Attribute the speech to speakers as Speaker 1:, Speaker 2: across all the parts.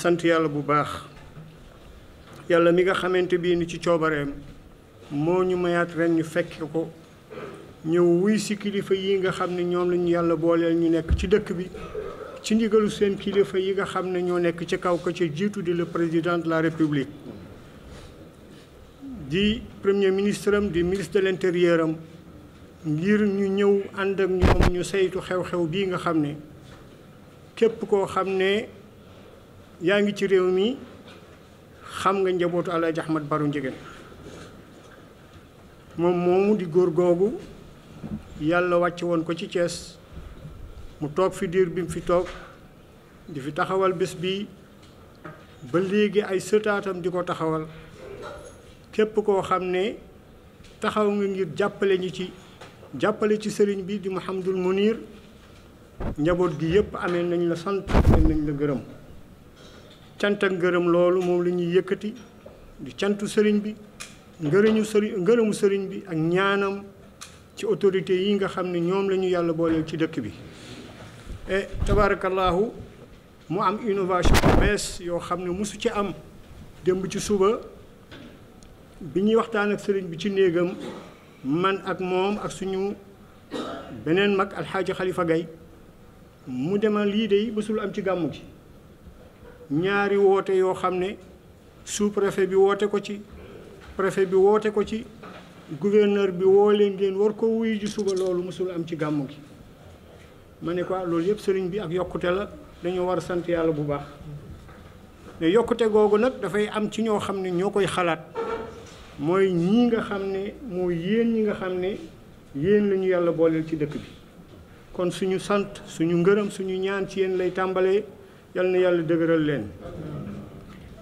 Speaker 1: sant yàlla bu baax yàlla mi nga xamante bii ni ci coobareem moo ñu mayaat ren ñu fekke ko ñëw wuy si kilifa yi nga xam ne ñoom lañu yàlla booleel ñu nekk ci dëkk bi ci ndigalu seen kilifa yi nga xam ne ñoo nekk ci kaw ko ci jiitu di le président de la république di premier ministre am di ministre de l'intérieur am ngir ñu ñëw ànd ak ñoom ñu saytu xew-xew bii nga xam ne képp koo xam ne yaa ngi ci réew mi xam nga njabootu Alaaji Ahmad Baro Ndiéguène moom moomu di góor googu yàlla wàcce woon ko ci cees mu toog fi diir bi mu fi toog di fi taxawal bés bi ba léegi ay sëtaatam di ko taxawal képp koo xam ne taxaw nga ngir jàppale ñi ci jàppale ci sëriñ bi di Mouhamadul Mounir njaboot gi yépp amee nañu la sant amee nañ la gërëm cant ak ngërëm loolu moom la ñuy yëkkati di cantu sëriñ bi ngërëmu sëriñ bi ak ñaanam ci autorité yi nga xam ne ñoom lañu yàlla booleel ci dëkk bi e mu am innovation bees yoo xam ne mosu ci am démb ci suba bi ñuy waxtaan ak sëriñ bi ci néegam man ak moom ak suñu beneen mag alxaaji xalifa gay mu demal lii de mosul am ci gàmmu gi ñaari woote yoo xam ne sous-préfet bi woote ko ci préfet bi woote ko ci gouverneur bi woo leen ngeen war ko wuyu ji suba loolu mosul am ci gàmmu gi ma ne quoi ah, loolu yëpp sëriñ bi ak yokkute la dañoo war a sant yàlla bu baax mais yokkute googu nag dafay am ci ñoo xam ne ñoo koy xalaat mooy ñii nga xam ne moo yéen ñi nga xam ne yéen lañu yàlla booleel ci dëkk bi kon suñu sant suñu ngërëm suñu ñaan ci yéen lay tàmbalee yal na yàlla dëgëral leen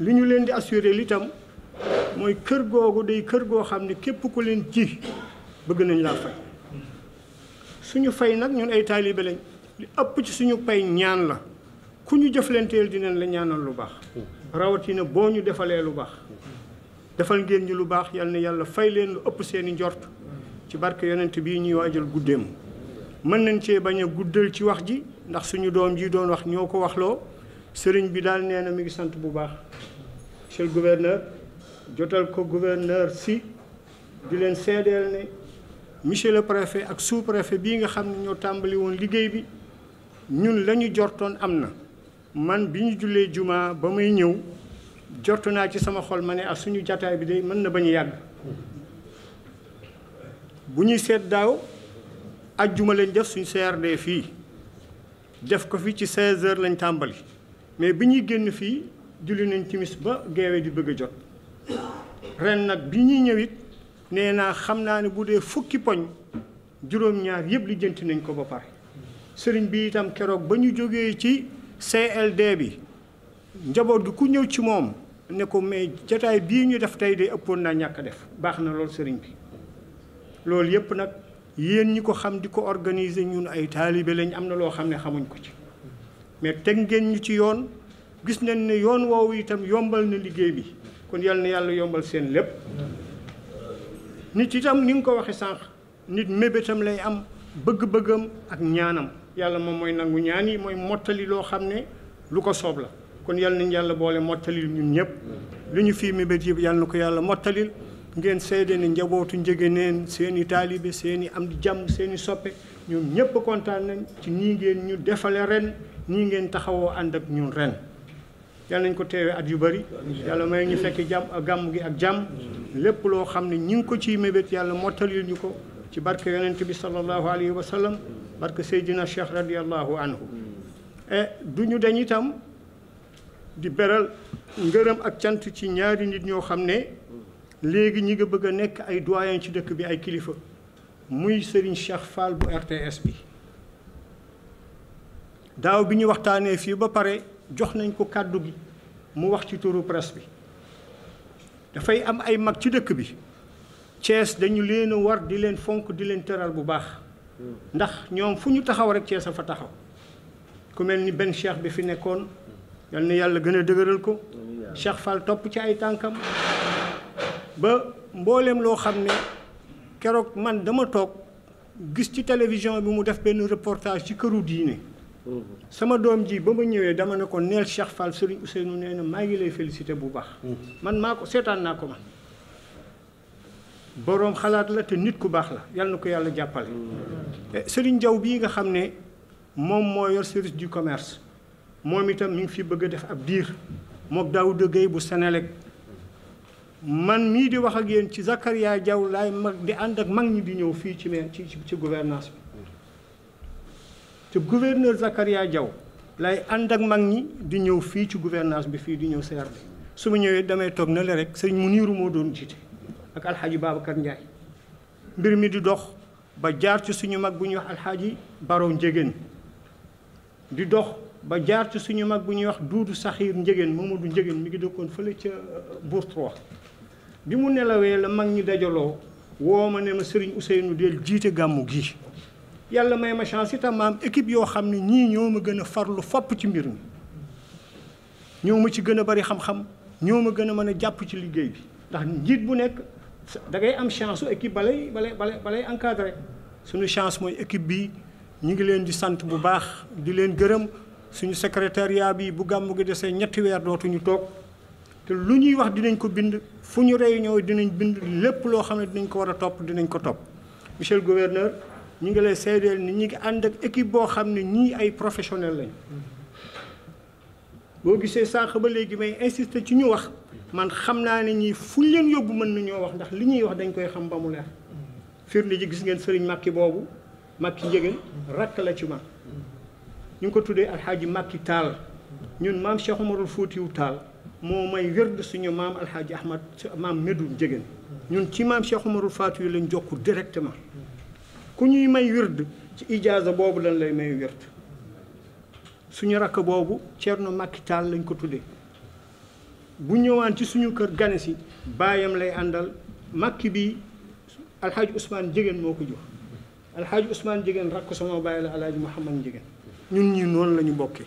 Speaker 1: li ñu leen di assuré li mooy kër googu day kër goo xam ne képp ku leen ji bëgg nañ laa fay suñu fay nag ñun ay taalibe lañ ëpp suñu pay ñaan la ku ñu jëflanteel dinañ la ñaanal lu baax rawatina boo ñu defalee lu baax defal ngeen ñi lu baax yal na yàlla fay leen lu ëpp seeni njort ci bark yonent bii ñuy waajal guddeem mën nañ cee bañ a guddal ci wax ji ndax suñu doom ji doon wax ñoo ko waxloo sëriñ bi daal nee na mi ngi sant bu baax monsieur le jotal ko gouverneur si di leen seedeel ne monsieur le préfet ak sous préfet bii nga xam ne ñoo tàmbali woon liggéey bi ñun la ñu jortoon am na man bi ñu jullee jumaa ba may ñëw jortu naa ci sama xol ma ne ak ah, suñu jataay bi day mën na bañ yàgg bu ñuy seet daaw ajjuma leen def suñu CRD fii def ko fi ci 16 heures lañ tàmbali mais bi ñuy génn fii julli nañ timis ba geewee di bëgg a jot ren nag bi ñuy ñëwit nee naa xam naa ne bu dee fukki poñ juróom-ñaar yëpp lijjanti nañ ko ba pare sëriñ bi itam keroog ba ñu jógee ci CLD bi njaboot gi ku ñëw ci moom ne ko mais jataay bii ñu def tey de ëppoon naa ñàkk def baax na lool sëriñ bi loolu yëpp nag yéen ñi ko xam di ko organiser ñun ay taalibe lañ am na loo xam ne xamuñ ko ci mais teg ngeen ñu ci yoon gis nañ ne yoon woowu itam yombal na liggéey bi kon yal na yàlla yombal seen lépp nit itam ni nga ko waxe sànq nit mébétam lay am bëgg-bëggam ak ñaanam yàlla moom mooy nangu ñaan yi mooy mottali loo xam ne lu ko soob la kon yal nañ yàlla boole mottalil ñun ñëpp lu ñu fii mébét yëpp yàlla na ko yàlla mottalil ngeen seede ne njabootu Njëgëneen seeni i taalibe seen i am di jàmm seeni soppe ñoom ñëpp kontaan nañ ci nii ngeen ñu defale ren nii ngeen taxawoo ànd ak ñun ren yal nañ ko teewee at yu bëri yàlla may ñu fekk jàmm ak gàmm gi ak jàmm lépp loo xam ne ñi ngi ko ciy mébét yàlla mottalil ñu ko ci barke yonent bi sallallahu alayhi wa sallam barke Seydina Cheikh radiallahu anhu e du ñu dañ itam di beral ngërëm ak cant ci ñaari nit ñoo xam ne léegi ñi nga bëgg a nekk ay doyen ci dëkk bi ay kilifa muy Serigne Cheikh Fall bu RTS bi daaw bi ñu waxtaanee fii ba pare jox nañ ko kàddu gi mu wax ci turu presse bi dafay am ay mag ci dëkk bi Thiès dañu leen a war di leen fonk di leen tëral bu baax ndax ñoom fu ñu taxaw rek Thiès a fa taxaw ku mel ni benn cheikh bi fi nekkoon yal yàlla gën a dëgëral ko Cheikh fal topp ci ay tànkam ba mbooleem loo xam ne keroog man dama toog gis ci télévision bi mu def benn reportage ci këru diine sama doom jii ba ma ñëwee dama ne ko neel Cheikh Fall Serigne Ousseynou nee na maa ngi lay félicité bu baax. man maa ko seetaan naa ko man. boroom xalaat la te nit ku baax la yàlla na ko yàlla jàppale. Eh, Serigne Diaw bii nga xam ne moom moo yor service du commerce moom itam mi ngi fi bëgg a def ab diir mook Daouda Gueye bu Sénélec man mii di wax ak yéen ci Zakaria jaw laay mag di ànd ak mag ñi di ñëw fii ci ci ci gouvernance bi. te gouverneur Zakaria Diaw lay ànd ak mag ñi di ñëw fii ci gouvernance bi fii di ñëw CRD su ma ñëwee damay toog na la rek sëñ Muniiru moo doon jiite ak alxaaji Babacar Ndiaye mbir mi di dox ba jaar ci suñu mag bu ñuy wax alxaaji Baro Njegéen di dox ba jaar suñu mag bu ñuy wax Duudu Saxiir Njegéen Mamadou Njegéen mi ngi dëkkoon fële ca euh, Bour 3 bi mu nelawee la mag ñi dajaloo woo ma ne ma sëriñ Ousseynou del jiite gàmmu gii yàlla may ma chance itam ma am yoo xam ne ñii ñoo ma gën a farlu fopp ci mbir mi ñoo ma ci gën a bari xam-xam ñoo ma gën a mën a jàpp ci liggéey bi ndax njiit bu nekk da ngay am chance su équipe balay balay balay balay encadré suñu chance mooy équipe bi ñu ngi leen di sant bu baax di leen gërëm suñu secrétariat bii bu gàmm gi desee ñetti weer dootuñu toog te lu ñuy wax dinañ ko bind fu ñu réunion dinañ bind lépp loo xam ne dinañ ko war a topp dinañ ko topp ñu ngi lay seedeel ni ñu ngi ànd ak équipe boo xam ne ñii ay professionnel lañ boo gisee sànq ba léegi may insister ci ñu wax man xam naa ne ñii fu leen yóbbu mën nañoo wax ndax li ñuy wax dañ koy xam ba mu fiir firnde ji gis ngeen sëriñ Makki boobu Makki Njëgeen rakk la ci ma ñu ngi ko tuddee alxaaji Makki Taal ñun maam Cheikh Umarul Fuutiyu Taal moo may wérd suñu maam alxaaji Ahmad maam Medoune Njëgeen ñun ci maam Cheikh Umarul Fuutiyu lañ jokku directement ku ñuy may wird ci ijaaza boobu lañ lay may wird suñu rakk boobu Thierno Macky Tall lañ ko tuddee bu ñëwaan ci suñu kër gane si baayam lay àndal makki bi alxaaji usmaan Jigéen moo ko jox alxaaji Ousmane Jigéen rakk sama baay la alxaaji Mouhamad Jigéen ñun ñii noonu la bokkee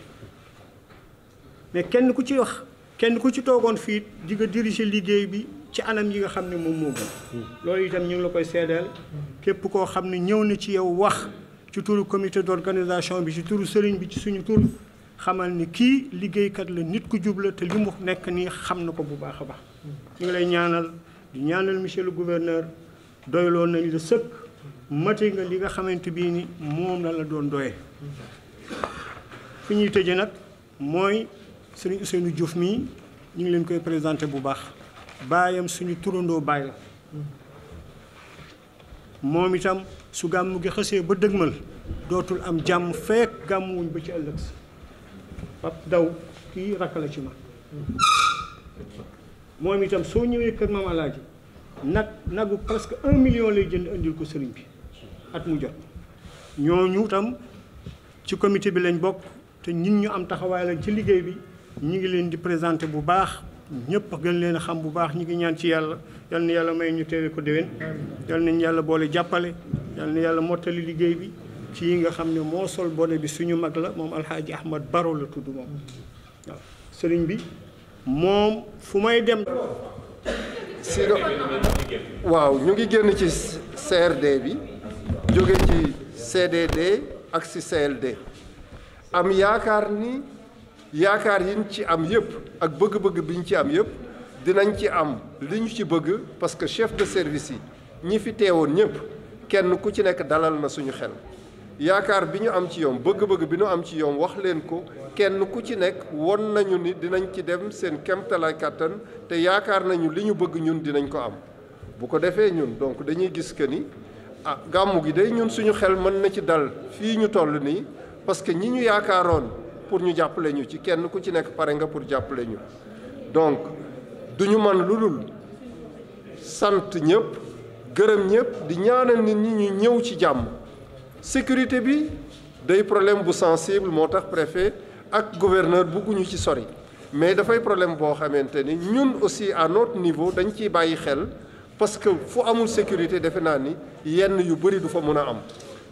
Speaker 1: mais kenn ku ci wax kenn ku ci toogoon fii di nga liggéey bi ci anam yi nga xam ne moom moom gën loolu itam ñu ngi la koy seedeel képp koo xam ne ñëw na ci yow wax ci turu comité d'organisation bi ci turu sëriñ bi ci suñu tur xamal ni kii liggéeykat la nit ku jub la te li mu nekk nii xam na ko bu baax a baax ñu ngi lay ñaanal di ñaanal monsieur le gouverneur doyloo nañ la sëkk mate nga li nga xamante bii ni moom la la doon doye fi ñuy tëje nag mooy sëriñ Ousseynou Diouf mii ñu ngi leen koy présenté bu baax baayam suñu turandoo baay la moom itam su gàmmu gi xësee ba dëgmal dootul am jàmm fekk gàmmuwuñ ba ci ëllëg si pap daw kii rakk la ci ma moom itam soo ñëwee kër maam nag nagu presque un million lay jënd indil ko sëriñ bi at mu jot ñooñu tam ci comité bi lañ bokk te ñun ñu am taxawaay lañ ci liggéey bi ñu ngi leen di présenté bu baax ñëpp gën leen xam bu baax ñu ngi ñaan ci yàlla yal yàlla may ñu teewe ko déwén yal nañu yàlla boole jàppale yàlla mottali liggéey bi ci yi nga xam ne moo sol bone bi suñu mag la moom alxaaji ahmad baro la tudd moom waaw sëriñ bi moom fu may dem sido
Speaker 2: waaw ñu ngi génn ci CRD bi jóge ci CDD ak ci CLD am yaakaar ni yaakaar yi ñu ci am yëpp ak bëgg-bëgg bi ñu ci am yëpp dinañ ci am li ñu ci bëgg parce que chef de service yi ñi fi teewoon ñëpp kenn ku ci nekk dalal na suñu xel yaakaar bi ñu am ci yoom bëgg-bëgg bi ñu am ci yoon wax leen ko kenn ku ci nekk won nañu ni dinañ ci dem seen kemtalaay kàttan te yaakaar nañu li ñu bëgg ñun dinañ ko am bu ko defee ñun donc dañuy gis que ni ah gàmmu gi day ñun suñu xel mën na ci dal fii ñu toll nii parce que ñi ñu yaakaaroon pour ñu jàppale ñu ci kenn ku ci nekk pare nga pour jàppale ñu donc du ñu man lu dul sant ñëpp gërëm ñëpp di ñaanal nit ñi ñu ñëw ci jàmm sécurité bi day problème bu sensible moo tax préfet ak gouverneur bugguñu ci sori mais dafay problème boo xamante ni ñun aussi à notre niveau dañ ciy bàyyi xel parce que fu amul sécurité defe naa ni yenn yu bëri du fa mën a am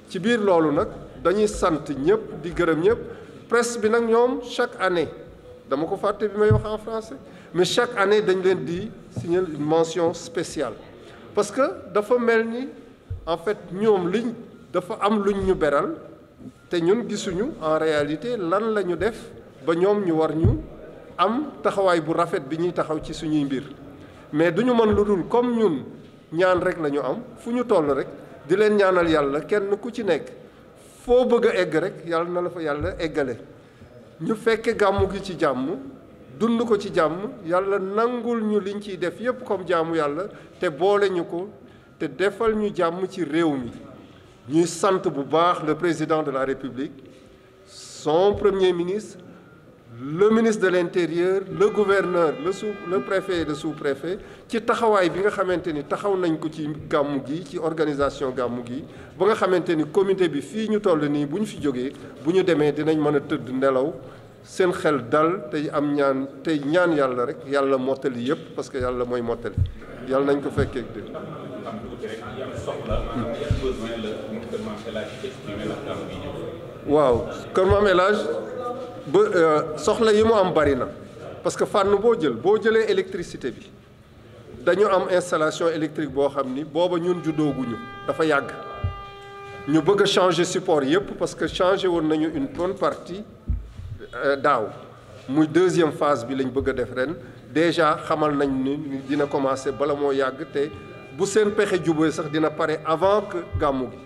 Speaker 2: ci biir loolu nag dañuy sant ñëpp di gërëm ñëpp presse bi nag ñoom chaque année dama ko fàtte bi may wax en français mais chaque année dañ leen di signaler une mention spéciale parce que dafa mel ni en fait ñoom liñ dafa am luñ ñu beral te ñun gisuñu en réalité lan la ñu def ba ñoom ñu war ñu am taxawaay bu rafet bi ñuy taxaw ci suñuy mbir mais duñu mën lu dul comme ñun ñaan rek la ñu am fu ñu toll rek di leen ñaanal yàlla kenn ku ci nekk foo bëgg a egg rek yàlla na la fa yàlla eggale ñu fekke gàmmu gi ci jàmm dund ko ci jàmm yàlla nangul ñu liñ ciy def yépp comme jaamu yàlla te boole ñu ko te defal ñu jàmm ci réew mi ñuy sant bu baax la président de la république son premier ministre le ministre de l'intérieur le gouverneur le sous le préfet et le sous-préfet ci taxawaay bi nga xamante ni taxaw nañ ko ci gàmm gi ci organisation gàmm gi ba nga xamante ni comité bi fii ñu toll nii bu ñu fi jógee bu ñu demee dinañ mën a tëdd nelaw seen xel dal tey am ñaan tey ñaan yàlla rek yàlla mottali yépp parce que yàlla mooy mottali yàlla nañ ko fekkee
Speaker 1: ak
Speaker 2: waaw Kër Maam ba euh, soxla yi mu am bari na parce que fànn boo jël boo jëlee électricité bi dañu am installation électrique boo xam ni booba ñun juddooguñu dafa yàgg ñu bëgg a changer support yépp parce que changé woon nañu une bonne partie euh, daaw muy deuxième phase bi lañ bëgg a def ren déjà xamal nañ ni dina commencer bala moo yàgg te bu seen pexe jubee sax dina pare avant que gàmmu gi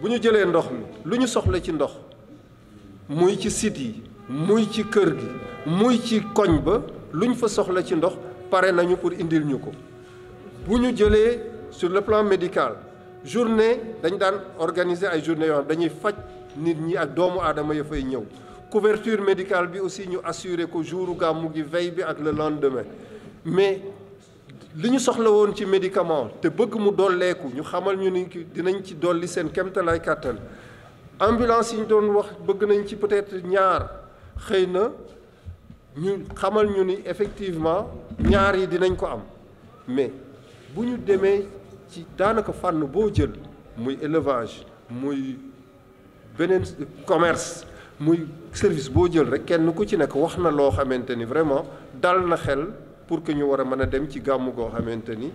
Speaker 2: bu ñu jëlee ndox mi lu ñu soxla ci ndox muy ci site yi muy ci kër gi muy ci koñ ba lu ñu fa soxla ci ndox pare nañu pour indil ñu ko bu ñu jëlee sur le plan médical journée dañ daan organiser ay journée yoo dañuy faj nit ñi ak doomu aadama ya fay ñëw couverture médical bi aussi ñu assurer ko jouru gàmmu gi veille bi ak le lendemain mais li ñu soxla woon ci médicament te bëgg mu dolleeku ñu xamal ñu ni dinañ ci dolli seen kemtalaay kàttan ambulance yi ñu doon wax bëgg nañ ci peut-être ñaar xëy na ñu xamal ñu ni effectivement ñaar yi dinañ ko am mais bu ñu demee ci daanaka fànn boo jël muy élevage muy beneen commerce muy service boo jël rek kenn ku ci nekk wax na loo xamante ni vraiment dal na xel pour que ñu war a mën a dem ci gàmm goo xamante ni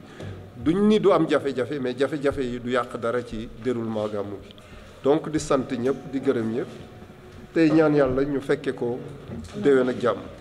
Speaker 2: duñ ni du am jafe-jafe mais jafe-jafe yi du yàq dara ci déroulement gàmmu bi donc di sant ñëpp di gërëm ñëpp tey ñaan yàlla ñu fekke ko déwén ak jàmm